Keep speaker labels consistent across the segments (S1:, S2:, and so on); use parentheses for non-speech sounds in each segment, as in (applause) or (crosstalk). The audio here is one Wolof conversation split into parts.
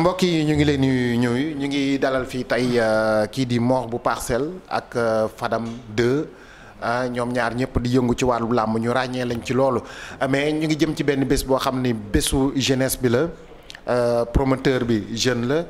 S1: mbokk yi ñu ngi leen di ñëw ñu ngi dalal fii tey euh, kii di Mor bu Parcelles ak euh, Fadam 2 ah, ñoom ñaar ñëpp di yëngu ci wàllu làmb ñu ràññee lañ ci loolu mais ñu ngi jëm ci benn bés boo xam ni bésu jeunesse bi la euh, promoteur bi jeune la.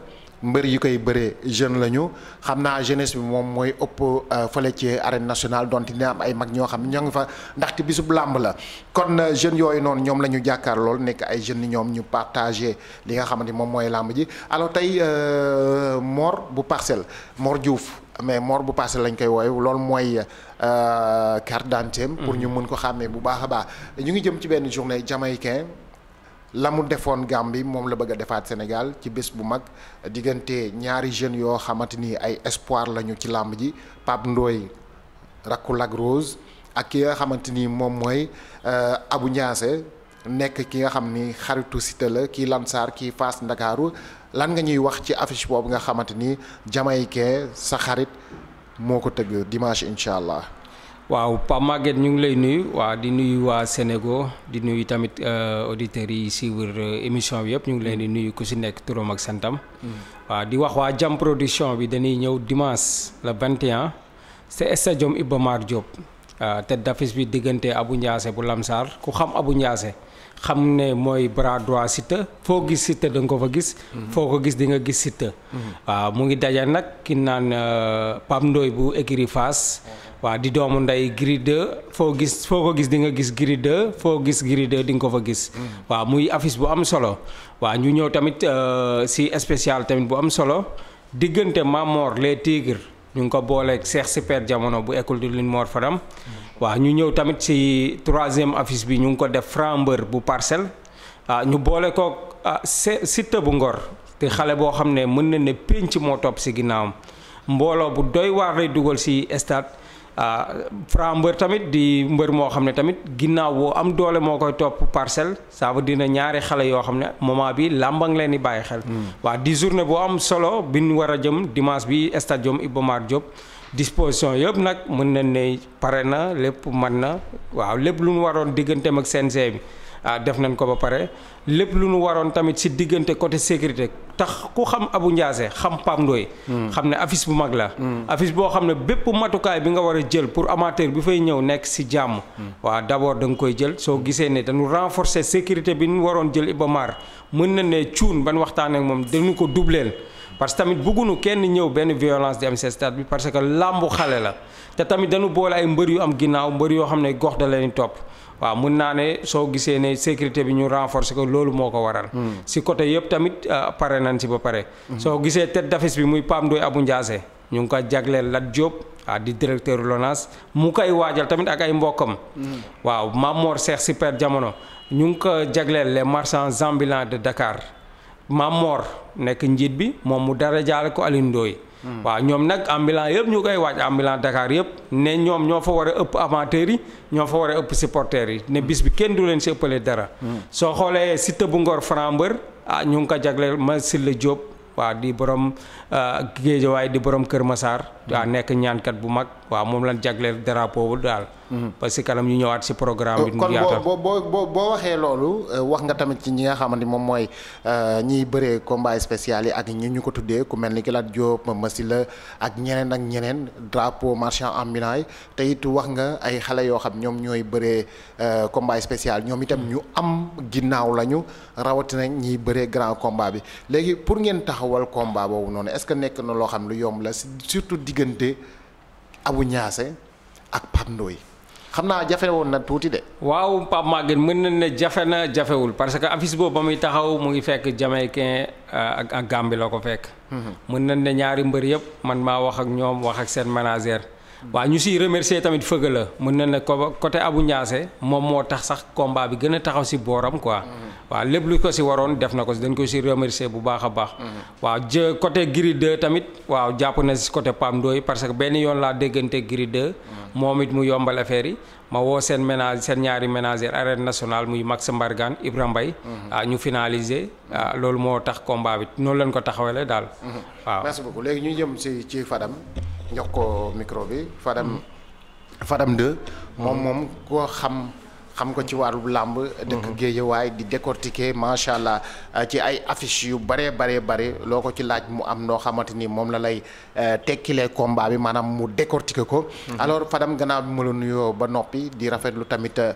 S1: mbër yi koy bëree jeune lañu xam naa jeunesse bi moom mooy ëpp euh, fële ci arène nationale donte dina am ay mag ñoo xam ñoo ngi fa ndaxte bisub làmb la kon euh, jeunes yooyu noonu ñoom la ñu jàkkaar lool nekk ay jeunes ñoom ñu partagé li nga ni moom mooy làmb ji alors tey euh, Mor bu parcelle Mor Diouf mais Mor bu parcelle lañ koy woy loolu mooy carte d'identité pour mm. ñu mën ko xàmmee bu baax a baax ñu ngi jëm ci benn journée jamaïcain lamu mu defoon Gambie moom la bëgg a defaat Sénégal ci bés bu mag diggante ñaari jeunes yoo xamante ni ay espoir lañu ci làmb ji Pape Ndoye rakku Lac Rose ak ki nga xamante ni moom mooy euh, abu Niasse nekk ki nga xam ni xaritu Siteu la kii Lansar kii Fass Ndakaaru lan nga ñuy wax ci affiche boobu nga xamante ni jamaïcain sa xarit moo ko tëgg dimanche incha allah.
S2: waaw pa Maguette ñu ngi lay nuyu waa di nuyu waa Sénégal di nuyu tamit euh, auditeurs yi suivre euh, émission bi yëpp ñu ngi leen di mm. nuyu ku si nekk turam ak santam. Mm. waa di wax waa Jam Production bi dañuy ñëw dimanche le 21 c'est stadium Iba Mar Diop te d'affiche bi diggante abu Ndiassé bu Lamsar ku xam Abou Ndiassé xam ne mooy bras droit Siteu foo gis Siteu da nga ko fa gis. foo ko gis di nga gis Siteu. waaw mu ngi daja nag ki naan euh, Pape Ndoye bu écurie Fass. waaw di doomu ndey Gris 2 foo gis foo ko gis di nga gis Gris 2 foo gis Gris 2 di nga ko fa gis. waaw muy affiche bu am solo. waa ñu ñëw tamit euh, si spécial tamit bu am solo diggante Mamor les Tigres ñu ngi ko booleeg Cheikh Super jamono bu école de Fadam. waaw ñu ñëw tamit ci troisième affiche bi ñu ngi ko def Franc Mbeur bu parcelle ah ñu boole ko ah, Siteu bu Ngor te xale boo xam ne mën na ne pénc moo topp ci ginnaawam mbooloo bu doy waar lay dugal ci stade ah, Franc Mbeur tamit di mbër moo xam ne tamit ginnaaw boo am doole moo koy topp parcelle ça veut ñaari xale yoo xam ne moment bi làmbang leen di bàyyi xel. Hmm. waa di journée bu am solo bi ñu war a jëm dimanche bi stade Iba Mar Diop. disposition yëpp nag mën nañ ne pare na lépp mën na waaw lépp lu ñu waroon digganteem ak CNG bi ah def nañ ko ba pare lépp lu ñu waroon tamit si diggante côté sécurité tax ku xam abu Ndiassé xam Pape Ndoye hmm. xam ne affiche bu mag la hmm. affiche boo xam ne bépp matukaay bi nga war a jël pour amateur bi fay ñëw nekk si jàmm hmm. waaw d'abord da nga koy jël soo gisee ne dañu renforcer sécurité bi nu waroon jël Iba Mar mën na ne cuun ban waxtaan ak moom dañu ko dubleel parce que tamit bëggunu kenn ñëw benn violence di am ci stade bi parce que làmbu xale la te tamit dañu boole ay mbër yu am ginnaaw mbër yoo xam ne gox da leen topp waaw mun naa ne soo gisee ne sécurité bi ñu renforcer ko loolu moo ko waral. Hmm. ci côté yëpp tamit euh, pare nañ ci ba pare. Hmm. soo gisee tête d'affiche bi muy Pape dooy Abou Ndiassé ñu ngi ko jagleel Lat Diop ah di directeur LONASE mu koy waajal tamit ak ay mbokkam. Hmm. waaw Mamor Cheikh Super Jamono ñu ngi ko jagleel les marchands ambulants de Dakar. Mam Mor nekk njiit bi moom mu dara jaar ko Alioune Ndoye hmm. waaw ñoom nag ambulant yëpp ñu koy waaj ambulant dakaar yëpp ne ñoom ñoo fa war a ëpp amateurs yi ñoo fa war a ëpp si supporters yi ne hmm. bis bi kenn du leen si ëppalee dara. Hmm. soo xoolee si bu Ngor Franc Mbeur ah ñu ngi ko jagleel ma la Diop waa di borom ah, waaye di borom Kër masaar waaw mhm. nekk ñaankat bu mag waaw moom la jagleel drapeau bu daal. parce mhm. que kanam ñu ñëwaat si programme bi. Oh,
S1: kon boo boo boo boo waxee loolu eh, wax nga tamit ci ñi nga xamante moom mooy eh, ñiy bëree combat spécial yi ak ñi ñu ko tuddee ku mel ni ki Lat Diop Massi la ak ñeneen ak ñeneen drapeau marchand ambulant yi te wax nga ay xale yoo xam ñoom ñooy bëree eh, combat spécial ñoom itam ñu am ginnaaw la ñu rawatina ñiy bëree grand combat bi léegi pour ngeen taxawal combat boobu noonu est-ce que nekk na loo xam lu yomb la surtout digg diggante abu Niasse ak Pape Ndoye xam naa jafe woon na tuuti de.
S2: waaw Pape Maguette mën nañ ne jafe na jafewul parce que affiche boobu ba muy taxaw mu ngi fekk Jamaïcain euh, ak ak Gambie la ko fekk. Mhm. mën nañ ne ñaari mbër yëpp man maa wax ak ñoom wax ak seen manager. waaw ñu siy remercier tamit fëgg la mën na ne côté abu Niasse moom moo tax sax combat bi gën a taxaw si booram quoi. Mhm. waaw lépp lu ko si waroon def na ko si dañ ko si remercier bu baax baax. Mhm. waaw jë côté Gris 2 tamit waaw jàpp na si côté PAM Ndoye parce que benn yoon laa déggante Gris 2. Mhm. moom it mu yombal affaire yi ma woo seen ménage seen ñaari ménagère arène nationale muy mag Mbargane Ibrahima Mbaye. ah ñu finaliser. loolu moo tax combat bi noonu lañ ko taxawalee daal. waaw
S1: léegi ñu jëm si ci Fadam jox ko micro bi Fadam.
S2: Fadam 2 moom moom
S1: koo xam. xam ko ci wàllu làmb dëkk mhm. waaye di décortiquer macha allah euh, ci ay affiche yu bare bare bare loo ko ci laaj mu am noo xamante ni moom la lay euh, tekkilee combat bi maanaam mu décortiquer ko mhm. alors Fadam gannaaw bi ma la nuyoo ba noppi di rafetlu tamit euh,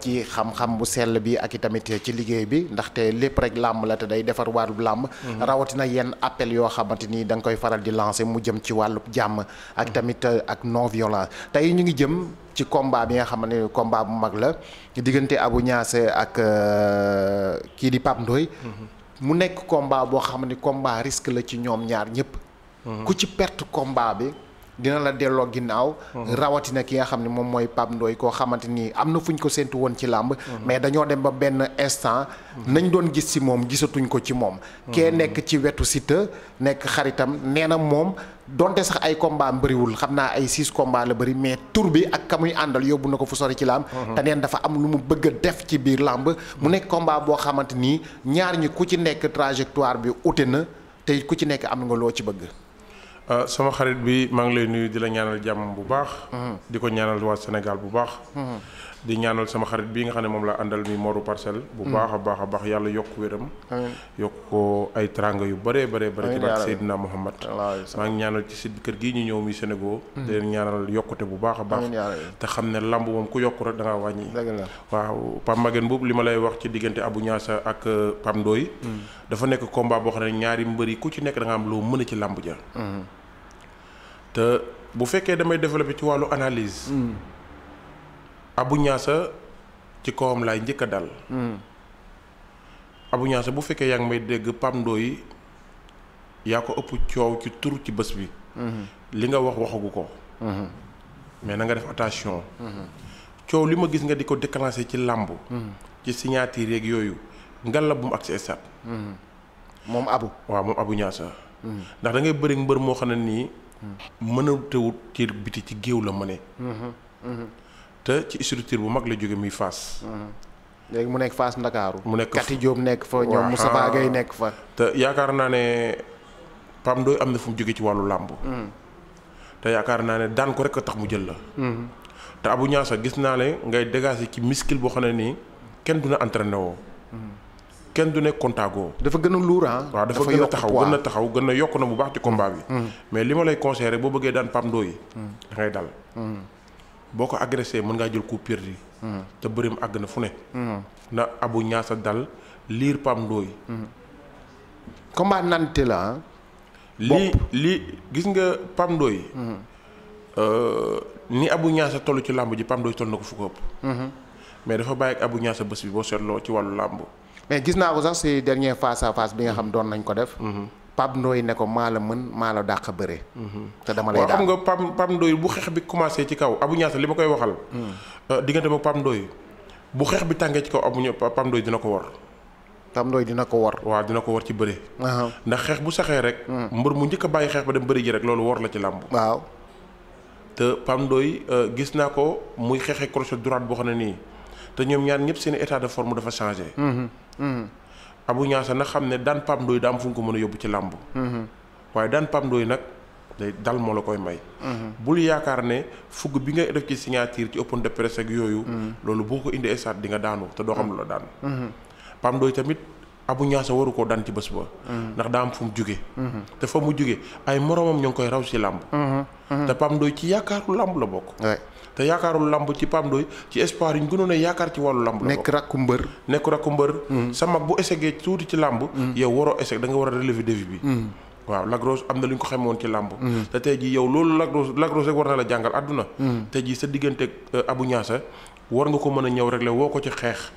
S1: ci xam-xam bu sell bi ak i tamit ci liggéey bi ndaxte lépp rek làmb la te day defar wàllu làmb mhm. rawatina yenn appel yoo xamante ni da nga koy faral di lancé mu jëm ci wàllu jàmm ak tamit ak non violence tey ñu ngi jëm ci combat bi nga xam ne combat bu mag la diggante abu Niasse ak euh, kii di Pape mm-hmm. mu nekk combat boo xam ni combat risque la ci ñoom ñaar ñëpp. Mm-hmm. ku ci perte combat bi dina la delloo ginnaaw. Mm-hmm. rawatina ki nga xam ne moom mooy Pape Ndoye koo xamante ni am na fuñ ko séntu woon ci làmb. mais dañoo dem ba benn instant. nañ doon gis si moom gisatuñ ko ci moom. kee nekk ci wetu Siteu nekk xaritam neena moom. donte sax ay combat mbëriwul xam naa ay six combat la bëri mais tur bi ak ka àndal yóbbu na ko fu sori ci laam mhm. te neen dafa am lu mu bëgg def ci biir làmb mu mhm. nekk combat boo xamante nii ñaar ñi ku ci nekk trajectoire bi ute na tey ku ci nekk am nga loo ci bëgg
S3: euh, sama xarit bi maa ngi lay nuyu di la ñaanal jàmm bu baax mhm. di ko ñaanal waa Sénégal bu baax di ñaanal sama xarit bi nga xam ne moom laa àndal mi moru parcelle bu mm. baax a baax a baax yàlla yokk wéram yokk ko ay tranga yu bare bëree bëri ci barke Seydina Muhammad maa ngi ñaanal ci sit kër gii ñu ñëw mi Sénégal mm. di leen ñaanal yokkute bu baax a baax te xam ne lamb moom ku yokk rek da ngaa wàññi waaw Pam Maguene boobu li ma lay wax ci diggante Abou Niassa ak euh, Pam Ndoy mm. dafa nekk komba boo xam ne ñaari mbër yi ku ci nekk da nga am loo mën a ci lamb ja te bu fekkee ci wàllu analyse Abu Ñaasa ci kawam laay njëkk a dal. Hmm. Abu Ñaasa bu fekkee yaa ngi may dégg Pam Ndoye yaa ko ëpp coow ci tur ci bés bi. Hmm. li nga wax waxagu ko. Hmm. mais na nga def attention. coow li ma gis nga di ko déclenché ci làmb. ci signature yeeg yooyu ngalla bu mu ak si stade. moom Abu. waaw moom Abu Ñaasa. ndax da ngay bëri mbër moo xam ne nii. mënatewut ci biti ci géew la mëne. te ci structure bu mag la jóge muy Fass. Mm-hmm.
S1: léegi mu nekk Fass Ndakaaru. mu nekk Kati Diop nekk fa ñoom Moustapha Gueye nekk fa.
S3: te yaakaar naa ne Pam Ndoye am na fu mu jógee ci wàllu làmb. Mm-hmm. te yaakaar naa ne daan ko rek a tax mu jël la. Mm-hmm. te Abou Niassa gis naa ne ngay dégager ci miskil boo xam ne nii kenn du na entraîné woo. kenn du ne contago. dafa gën a luur ah. waaw dafa gën a taxaw gën a taxaw gën a yokk na bu baax ci combat bi. mais li ma lay conseillé rek boo bëggee daan Pam Ndoye boo ko agressé mën ngaa jël coup perdu. Mhm. te bërim àgg na fu ne. Mhm. na abu ñaasa dal liir pam ndooy. Mhm. combat la lii lii gis nga pam ndooy. Euh, ni abu ñaasa toll ci làmb ji pam ndooy toll na ko fu ko ëpp. mais dafa bàyyi ak abu
S1: ñaasa bés bi boo seetloo ci wàllu làmb. mais gis naa ko sax si dernier face à bi nga xam doon nañ ko def. Pape Ndoye ne ko maa la mën maa la dàq bëre. te dama lay dàq xam nga Pape Pape
S3: bu xeex bi commencé ci kaw abu Niass li ma koy waxal. Hmm. Euh, diggante ba Pape Ndoye bu xeex bi tàngee ci kaw abu Niass Pape Ndoye dina ko war. Pape Ndoye dina ko war. waaw dina ko war ci bëre. ndax xeex bu saxee rek. Hmm. mbër mu njëkk bàyyi xeex ba dem bëri ji rek loolu war la ci làmb. waaw te Pape Ndoye euh, gis naa ko muy xeexee crochet droite boo xam ne nii te ñoom ñaan ñëpp seen état de forme dafa changé.
S2: Hmm,
S3: Abou Niasse na xam ne daan Pape Ndoye daam fu ko mën a yóbbu ci làmb mm-hmm. waaye daan Pape Ndoye nag day dal moo la koy may mm-hmm. bul yaakaar ne fugg bi nga def ci signature ci open de presse ak yooyu mm-hmm. loolu boo ko indi stade di nga daanu te doo xam lu la daan Pape Ndoye tamit Abou Niasse waru koo daan ci bés ba ndax daa am fu mu jóge te fa mu jóge ay moroomam ñoo ngi koy raw si làmb te Pape Ndoye ci yaakaaru lamb la bokk. te yaakaarul lamb ci Pape ci espoir yi ñu gënoon a yaakaar ci wàllu lamb la nekk rakku mbër. nekk rakku mbër. Mm. sa mag bu essayé tuuti ci làmb mm. yow waroo essayé danga war a relever défi bi. Mm. waaw Lagros am na lu ñu ko xamoon ci làmb te tey jii yow loolu Lagros Lagros rek war na la jàngal àdduna. tey jii sa diggante euh, Abou Niassa war nga ko mën a ñëw rek la woo ko ci xeex.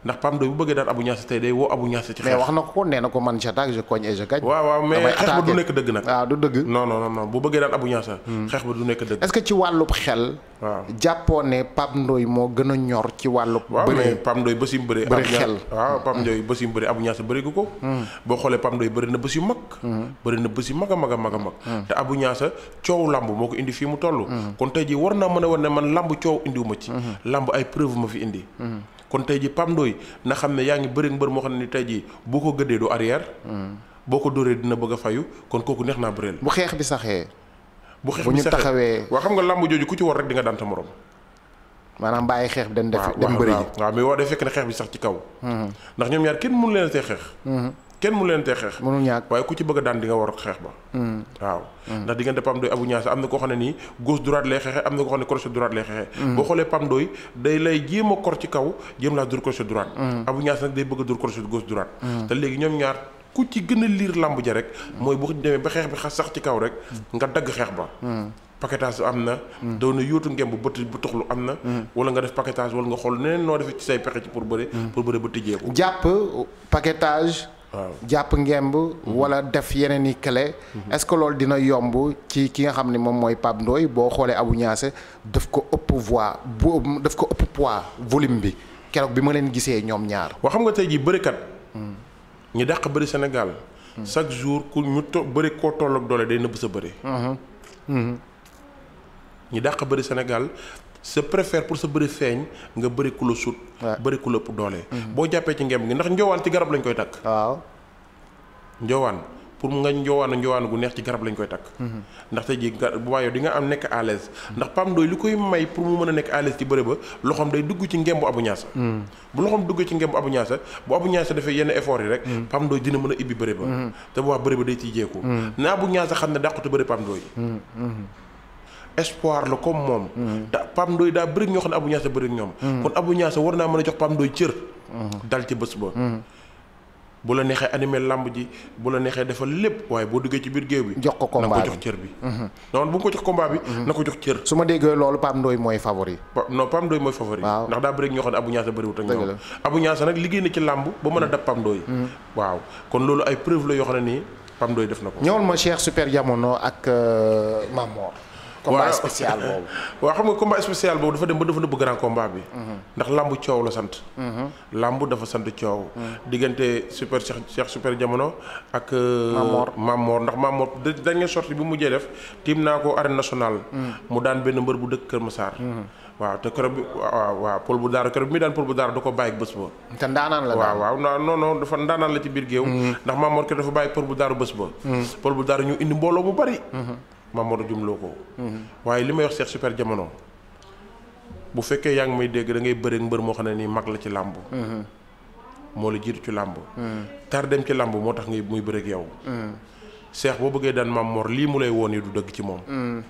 S3: ndax PAM doy bu bëggee daan Abou Niass tey day woo Abou Niass. ci xeex mais wax na ko nee na ko man j'attaque je cogne et je
S1: gagne. waaw waaw nag. waaw ah, du dëgg. non non non bu bëggee daan Abou Niass. Hmm. nekk dëgg. est-ce que ci wàllub xel. waaw jàppoo ne Pam Ndoy moo gën a ñor ci wàllu. bëri waaw mais
S3: Pam Ndoy bés yu mu bëree. bëri xel waaw Pam hmm. Ndoy bés yu mu bëree Abou Niass bëri gu ko. Hmm. boo xoolee Pam bëri na bés yu mag. bëri na bés yu mag a mag a mag mag. te Abou Niass coow lamb moo ko indi fii mu toll. kon tey jii war naa mën a wan ne man lamb coow indiwu ma ci. lamb ay preuve ma fi indi. kon tey ji Pam Ndoy na xam ne yaa ngi bëri mbër moo xam ne tey ji boo ko gëddee du arrière. boo ko dóoree dina bëgga a fayu kon kooku neex naa bëreel. bu xeex bi saxee.
S1: bu xeex bi saxee bu ñu taxawee.
S3: waaw xam nga làmb jooju ku ci war rek di nga daan ta morom.
S1: maanaam bàyyi xeex bi dem def dem bëri ji
S3: waaw mais fekk ne xeex bi sax ci kaw. Hmm. ndax ñoom ñaar kenn mënu leen see xeex. Hmm. kenn mu leen te xeex mënul ñàkk waaye ku ci bëgg a daan di nga a xeex ba mm. waaw mm. ndax diggante Pam Doy Abou am na koo xam ne nii gauche droite lay xeexe am na koo xam ne crochet droite lay xeexe mm. boo xoolee Pam day lay jéem a kor ci kaw jéem laa dur crochet droite Abou Niass nag day bëgg a dur crochet gauche te léegi ñoom ñaar ku ci gën a liir làmb ja rek mooy bu demee ba xeex bi xas sax ci kaw rek nga dagg xeex ba paquetage am na doo na yóotu ngem bu bët bu tuxlu am na wala nga def paquetage wala nga xool neneen noo defee say pexe
S1: ci pour bëre pour bëre ba tijjee ko jàpp paquetage jàpp ngemb. Mhm. wala def yeneen i clé. Mhm. est-ce que loolu dina yomb ci ki nga xam ne moom mooy Pape Ndoye boo xoolee Abou Niasse daf ko ëpp voix bu daf ko ëpp poids volume bi keroog bi ma leen gisee ñoom ñaar. waaw xam nga tey jii bërikat. Hmm. ñu dàq bëri Sénégal. Hmm.
S3: chaque jour ku ñu to bëri koo toll ak doole day nëbb sa bëri. Hmm. ñu dàq bëri Sénégal sa préfère pour sa bëri feeñ nga bëri ku la sut. bëri ku la doole. Mhm. boo jàppee ci ngemb gi ndax njoowaan ci garab lañ koy takk. waaw njoowaan pour nga njoowaan njoowaan gu neex ci garab lañ koy takk. Mhm. ndax tey jii gar bu di nga am nekk à l'aise ndax Pam Ndoye li koy may pour mu mën a nekk à ci bëri ba loxoom day dugg ci ngembu Abu Ñaasa. Mhm. bu loxoom duggee ci ngembu Abu Ñaasa bu Abu Ñaasa defee yenn effort yi rek. Pam Ndoye dina mën a ibbi bëri ba. te bu baax bëri ba day tiijeeku. na Abu Ñaasa xam ne dàqute bëri Pam Ndoye espoir la comme moom. te mhm. Pape Ndoye daa bëri ñoo xam ne Abou Niasse bëri ñoom. Mhm. kon Abou Niasse war naa mën a jox Pape Ndoye mhm. lamb ji bu la neexee defal lépp waaye boo duggee ci biir géew bi. jox ko ko jox cër bi. non bu ko jox na ko
S1: jox ma déggee loolu Pa non Pape Ndoye
S3: mooy favori. ndax daa bëri ak ñoo xam ne Abou Niasse bëriwut ak ñoom. dëgg la Abou Niasse nag liggéey na ci lamb ba mën a dab Pape waaw kon loolu ay preuve la yoo xam ne nii Pape def na ko. ñëwal
S1: ma Cheikh Super Jamono ak euh, Mamor. combat spécial
S3: (laughs) boobu. waa xam nga combat spécial boobu dafa dem ba dafa nëbb grand combat bi. ndax lamb coow la sant. Mhm. lamb dafa sant coow. Mhm. diggante super Cheikh Cheikh super jamono ak. Euh, Mamor Mamor ndax Mamor dañ sorti bi mu mujjee def tiim naa ko arène national mhm. mu daan benn mbër bu dëkk Kër Massar. waaw te keroog bi waaw waaw Paul bu Daara keroog bi muy daan Paul bu Daara da ko bàyyi bés ba. te ndaanaan la waaw waaw non non dafa ndaanaan la ci biir géew. ndax Mamor keroog dafa bàyyi Paul bu Daara bés ba. Paul bu Daara ñu indi mbooloo mu bari. a jumloo ko. Mhm. waaye li may wax Cheikh Super Jamono bu fekkee yaa ngi may dégg da ngay bëreeg mbër moo xam ne nii mag la ci làmb. Mhm. moo la jiitu ci làmb. Mhm. tar dem ci làmb moo tax ngay muy bëreeg yow. Cheikh boo bëggee daan Mame Mor lii mu lay woon yi du dëgg ci
S2: moom.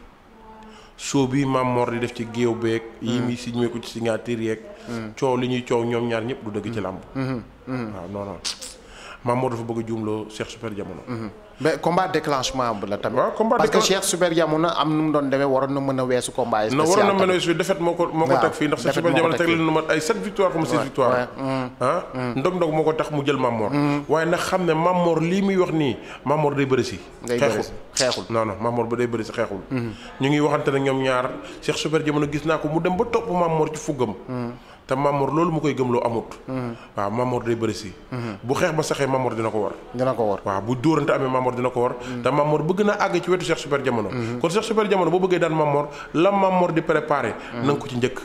S3: soo bii Mame di def ci géew beeg. yi muy signé ko ci signature yeeg. coow li ñuy coow ñoom ñaar ñëpp du dëgg ci làmb. waaw non non. Mamour dafa bëgg a juumloo Cheikh Super Diamono.
S1: Mhm. mais combat déclenchement bi la tamit. waaw combat parce que Cheikh Super Diamono am nu mu doon demee waroon na mën a weesu combat yi. na a weesu
S3: défaite ko moo ko teg fii ndax Cheikh ko tax mu jël Mamour. Mm. waaye nag xam ne Mamour lii muy wax nii Mamour day bëri si. day bëri si xeexul non non Mamour ba day bëri si xeexul. Mm. ñu ngi waxante ne ñoom ñaar Cheikh Super Diamono gis naa ko mu dem ba topp Mamour ci fuggam mm. te Mamour loolu mu koy gëmloo amut. waaw Mamour day bëri si. bu xeex ba saxee Mamour dina ko war. dina ko war waaw bu dóorante amee Mamour dina ko war. te Mamour bëgg naa àgg ci wetu Cheikh Super di préparé. na ko ci njëkk.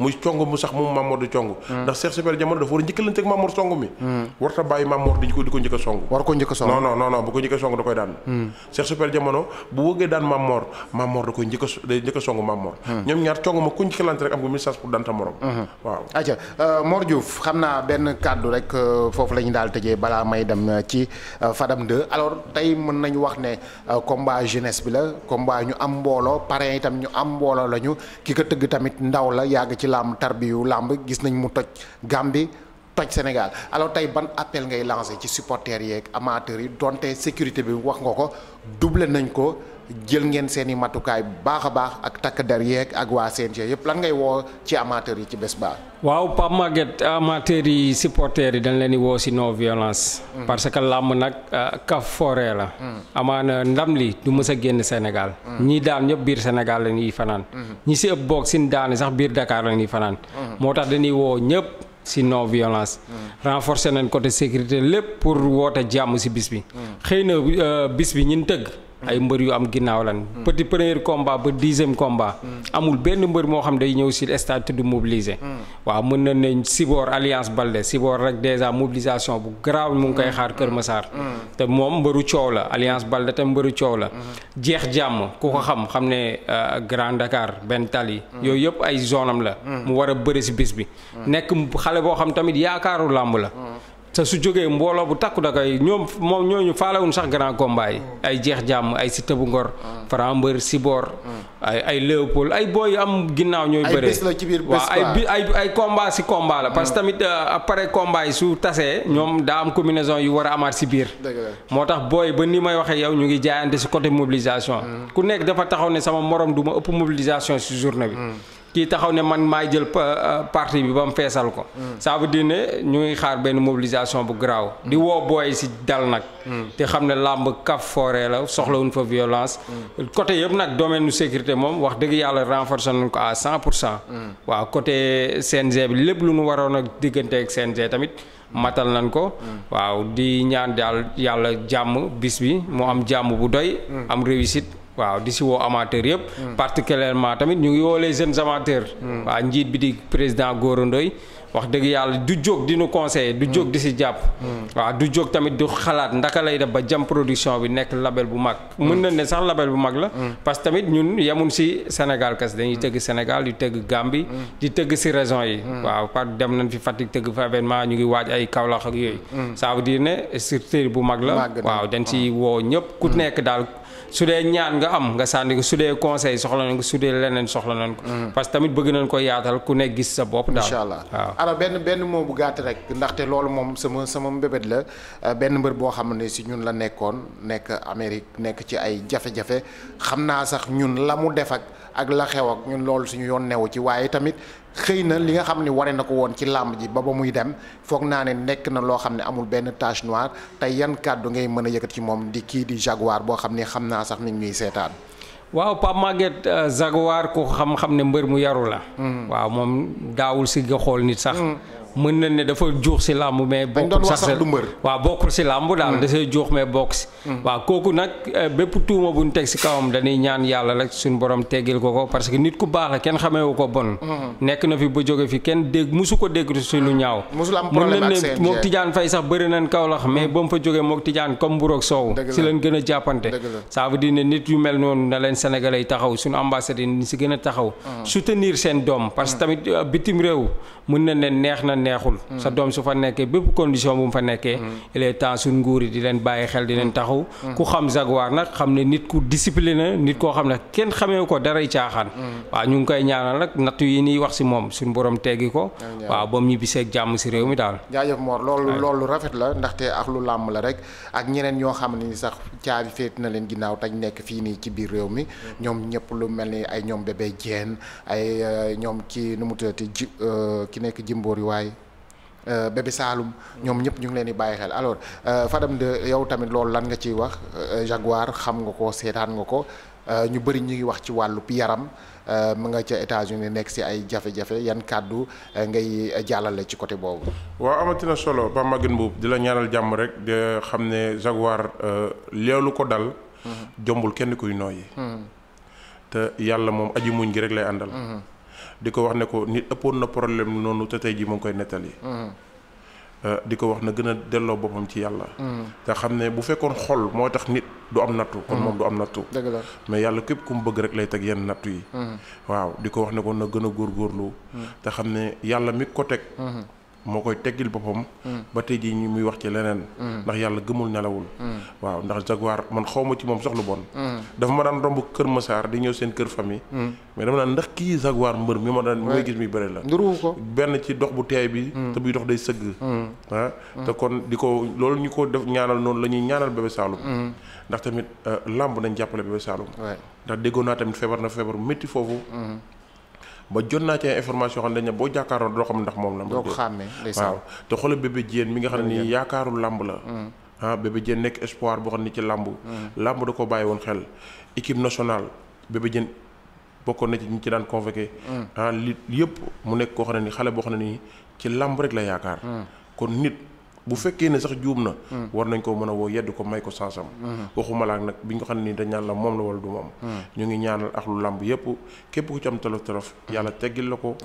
S3: muy cong mu sax moom Mamour di cong. ndax Cheikh Super Jamono dafa war a njëkkalante ak Mamour song mi. warut a bàyyi Mamour di ko di ko njëkk a song. war ko njëkk a song non no bu ko njëkk a song da koy daan. Cheikh Super
S1: ñoom ñaar cong ma ku njëkkalante rek am nga message pour daan ta aca euh, Mor Diouf xam naa benn kàddu rek euh, foofu la ñu daal tëjee balaa may dem euh, ci Fadam 2 alors tey mën nañu wax ne combat jeunesse bi la combat ñu am mbooloo parrain itam ñu am mbooloo lañu ki ko tëgg tamit ndaw la yàgg ci làmb tarbiyu làmb gis nañ mu toj Gambie toj Sénégal alors tey ban appel ngay lancé ci supporters yeeg amateurs yi donte sécurité bi wax nga ko double nañ ko. jël ngeen seeni i matukaay bu baax a baax ak takk der yeeg ak waa CNG yëpp lan ngay woo ci amateurs yi ci bés baax
S2: waaw Pape Maguette amateurs yi supporters yi dañ leen di woo si non violence. Mm. parce que làmb nag euh, kaf fooree la. Mm. amaana ndam li du mës a génn senegal mm. ñi daan ñëpp biir Sénégal la fanaan. ñi si ëpp boog sin daani sax biir Dakar la fanaan. moo tax dañuy woo ñëpp. si non violence renforcer nañ côté sécurité lépp pour woote jàmm si bis bi xëy na euh, bis ay mbër yu am ginnaaw lan petit premier combat ba dixième combat amul benn mbër moo xam day ñëw si stade tudd mobilisé waaw mën na ne Sibor Alliance Baldé siboor rek déjà mobilisation bu garaaw mu ngi koy xaar Kër Massar te moom mbëru coow la Alliance Baldé te coow la jeex jàmm ku ko xam xam ne euh, Grand Dakar benn tali yooyu yëpp ay am la mu war a bëre si bis bi nekk xale boo xam tamit yaakaaru làmb la te su jógee mbooloo bu takku da koy ñoom moom ñooñu faalewuñ sax grand combat yi. Mm. ay jeex jàmm ay Siteu bu Ngor. Mm. Farambar Sibor. Mm. ay ay Léopold ay booy am ginnaaw ñooy. bëree ay bés la ci biir ay bi ay ay combat si combat la. parce que tamit euh, après combat yi su tasee ñoom daa am combinaison yu war a amaat si biir. moo tax booy ba ni may waxee yow ñu ngi jaayante si côté mobilisation. ku nekk dafa taxaw ne sama morom du ma ëpp mobilisation si journée bi. kii taxaw ne man maay jël euh, euh, partie bi ba mu feesal ko. Mm. ça veut dire ñu ngi xaar benn mobilisation bu garaaw. Mm. di woo booy si dal nag. Mm. te xam ne làmb kaf fooree la soxlawuñ fa violence. côté yëpp nag domaine nu sécurité moom wax dëgg yàlla renforcer nañ ko à cent pour cent. waaw côté CNG bi lépp lu nu waroon a diggante ak CNG tamit. matal nañ ko. waaw di ñaan daal yàlla jàmm bis bi mu am jàmm bu doy. am réussite. waaw di si woo amateurs yëpp. Hmm. particulièrement tamit ñu ngi woo les jeunes amateurs. Hmm. waa njiit bi di président Gora wax dëgg yàlla du jóg di nu conseiller du hmm. jóg di si jàpp. waaw du jóg tamit du xalaat ndaka lay def ba jam production bi nekk label bu mag. mën na ne sax label bu mag la. parce que tamit ñun yemuñ si Sénégal kas dañuy tëgg Sénégal di tëgg Gambie. di tëgg si régions yi. waaw par dem nañ fi Fatick tëgg fa événement ñu ngi waaj ay Kaolack ak yooyu. ça bu mag la. waaw su dee ñaan nga am nga sànni ko su dee conseil soxla nañ su dee leneen soxla nañ ko. Mm-hmm. parce que tamit bëgg nañ ko yaatal ku nekk gis sa bopp. daal incha allah waaw
S1: benn benn moo bu gàtt rek ndaxte loolu moom sama sama mbébét la euh, benn mbër boo xam ne si ñun la nekkoon nekk Amérique nekk ci ay jafe-jafe xam naa sax ñun la mu def ak ak la xew ak ñun loolu suñu yoon newu ci waaye tamit xëy na li nga xam ne ware na ko woon ci làmb ji ba ba muy dem foog naa ne nekk na loo xam ne amul benn tache noire tey yan kàddu ngay mën a yëkkat ci moom di kii di Jaguar boo xam ne xam naa sax mi ngi seetaan.
S2: waaw Pape Maguette euh, Jaguar ku xam-xam ne mbër mu yaru la. Mm-hmm. waaw moom daawul si nga xool nit sax. Mm-hmm. mën na ne dafa juux si làmb mais. bokkul sax du mbër si làmb daal mm. da see juux mais bokk si. Mm. waaw kooku nag eh, bépp tuuma bu ñu teg si kawam dañuy ñaan yàlla rek suñu borom teggil ko ko parce que nit ku baax la kenn xameewu ko bon. Mm. nekk na fi ba jóge fi kenn dégg musu ko dégg si lu ñaaw. musul am problème ak CNG mën na ne moog Tidiane Faye sax bëri nañ Kaolack mais ba mu fa jógee moog Tidiane comme Mburoog Sow. si lañ gën a jàppante. ça veut dire ne nit yu mel noonu na leen Sénégalais yi taxaw suñu ambassade yi si gën a taxaw. neexul sa doom su fa nekkee bépp condition bu mu fa nekkee il est temps suñ nguur yi di leen bàyyi xel di leen taxaw ku xam Jaguar nag xam ne nit ku discipliné nit koo xam ne kenn xamee ko daray caaxaan waaw ñu ngi koy ñaanal nag nattu yi niy wax si moom suñ boroom teggi ko waaw ba mu ñibbisee ak jàmm si réew mi daal
S1: jaajëf Mor loolu loolu rafet la ndaxte ak lu làmm la rek ak ñeneen ñoo xam ni sax caabi féet na leen ginnaaw tañ nekk fii nii ci biir réew mi ñoom ñëpp lu mel ni ay ñoom bébé jeen ay euh, ñoom ki nu mu tuddati ji euh, ki nekk jimboor yi waaye Euh, Bébé Saloum ñoom ñëpp ñu ngi leen di bàyyi xel alors euh, Fadam de yow tamit loolu lan nga ciy wax euh, Jaguar xam nga ko seetaan nga ko ñu bëri ñu ngi wax ci wàllu yaram mu nga ca États-Unis nekk si ay jafe-jafe yan kàddu ngay jàllale ci côté boobu.
S3: waaw amati na solo ba Maguette Mboup di la ñaanal jàmm rek de xam ne Jaguar leelu ko dal. Mhm. jombul kenn kuy nooyi. Mhm. te yàlla moom aji muñ gi rek lay àndal. Mhm. di ko wax ne ko nit ëppoon na problème noonu te tey ji mu koy nettali. Mm-hmm. Euh, di ko wax na gën a delloo boppam ci yàlla. Mm-hmm. te xam ne bu fekkoon xol moo tax nit du am nattu. kon moom mm-hmm. du am nattu. dëgg mais yàlla képp ku mu bëgg rek lay teg yenn nattu yi. waaw di ko wax ne ko na gën a góorgóorlu. te xam ne yàlla mi ko teg. moo koy teggil boppam. Mm. ba tey jii ñu muy wax ci leneen. Mm. ndax yàlla gëmul nelawul. Mm. waaw ndax Jaguar man xaw ma ci moom soxlu bon. dafa ma daan romb kër masaar di ñëw seen kër famille. mais dama naan ndax kii Jaguar mbër mi ma daan mi may gis muy bëri la. ko benn ci dox bu teey bi. te buy dox day sëgg. ah te kon di ko loolu ñu ko def ñaanal noonu la ñuy ñaanal Bébé Saloum. ndax tamit euh, làmb nañ jàppale Bébé Saloum. ndax déggoon naa tamit feebar na feebar métti foofu. ba jot naa ci information xam ne dañ ne boo jàkkaaroo doo xam ndax moom la. doo ko xàmmee ndeysaan waaw te xoolal bébé Diène mi nga xam ne nii yaakaaru làmb la. Mm. ah bébé Diène nekk espoir boo xam ne ci làmb. Mm. làmb woon xel équipe nationale bébé Diène bokkoon na ci ñi ci daan convoqué. Mm. ah li yëpp mu nekk koo xam ne nii xale boo xam ne nii ci làmb rek la yaakaar kon nit. bu fekkee ne sax juum na hmm. war nañ koo mën a woo yedd ko may ko sansam hmm. waxuma laak nag bi ñu xam ne nii dañ ñaan la moom la wala du moom hmm. ñu ngi ñaanal ak lu làmb yëpp képp ku ci am tolof tolof yàlla teggil la ko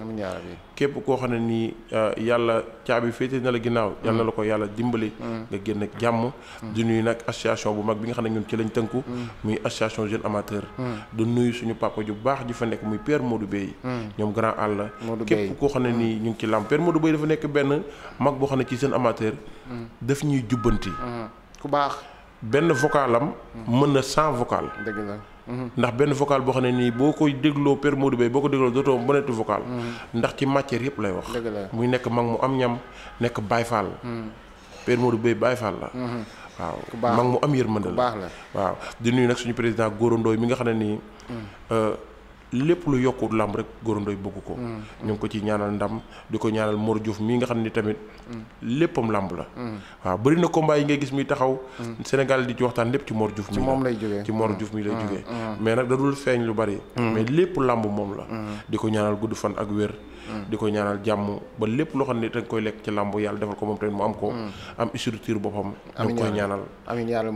S3: képp koo xam ne nii euh, yàlla caabi féete na la ginnaaw yàlla la ko yàlla dimbali nga génn ak jàmm di nuyu nag association bu mag bi nga xam ne ñun ci lañ tënku muy association jeune amateur du nuyu suñu papa ju baax ju fa nekk muy père Modou Bey ñoom grand àll képp koo xam ne nii ñu ngi ci làmb père Modou Bey dafa nekk benn mag boo xam ne ci jeune amateur daf ñuy jubbanti. ku baax benn vocalam mën na cent vocal. dëgg la ndax benn vocal boo xam ne nii boo koy dégloo Père Modou boo ko dégloo dootoo mënatu vocal. ndax ci matière yëpp lay wax. muy nekk mag mu am ñam nekk Baye fal Père Modou baay fal Fall la. waaw mag mu am yërmande la waaw di nuyu nag suñu président Goro Ndoye mi nga xam ne nii. Mm. Euh, lépp lu yokkul làmb rek góorandoy bëgg ko mm. ñu ngi ko ci ñaanal ndam di ko ñaanal Mor Diouf mii nga xam ne tamit mm. léppam làmb la mm. waaw bëri na combat yi ngay gis muy taxaw Sénégal di ci waxtaan lépp ci Mor Diouf mi ci Mor Diouf mi lay jógee mais nag da feeñ lu bari mais lépp làmb moom la di ko ñaanal gudd fan ak wér di ko ñaanal jàmm ba lépp loo xam ne dañ koy lekk ci làmb yàlla defal ko moom tamit mu am ko mm. am structure boppam dañ koy ñaanal amiin yàlla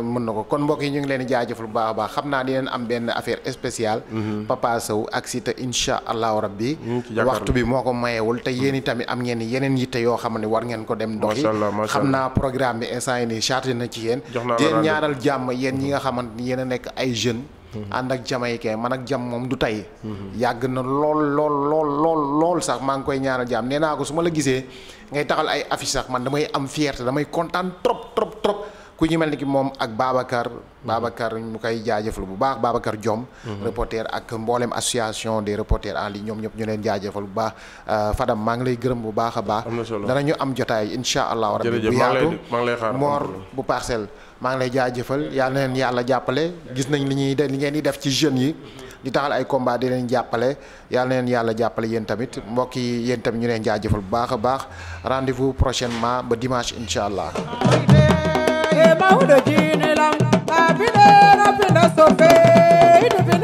S1: mën na ko kon mbokk yi ñu ngi leen di jaajëfal bu baax a baax xam naa di leen am benn affaire spéciale mm-hmm. Papa Sow ak Siteu insha allahu rabbi waxtu bi moo ko mayewul te yéen i tamit am ngeen yeneen yitte yoo xam ne war ngeen ko dem doxi xam naa programme bi instant yi nii chargé na ci yéen di leen ñaanal jàmm yéen ñi nga xamante ni yéen a nekk ay jeunes ànd ak jamay jamaïcain man ak jam moom du tey yàgg na lool lool lool lool lool sax maa ngi koy ñaanal jàmm nee naa ko su ma la gisee ngay taxal ay affiche sax man damay am fierté damay kontaan trop trop trop ku ñu mel ni ki moom ak Babacar Babacar ñu koy jaajëfal bu baax Babacar Diom mhm. reporter ak mboolem association de reporters en ligne ñoom ñëpp ñu leen jaajëfal bu baax euh, Fadam maa ngi lay gërëm bu baax a baax danañu am jotaay insha allah rabbi bu yaatu moor bu parcelle maa ngi lay jaajëfal yal na leen yàlla jàppale gis nañ li ñuy li ngeen di def ci jeunes yi di taxal ay combat di leen jàppale yal na leen yàlla jàppale yéen tamit mbokk yi yéen tamit ñu leen jaajëfal bu baax a baax rendez-vous prochainement ba dimanche incha allah
S2: dawde diine lam ɓa biɗe no pinda so feyde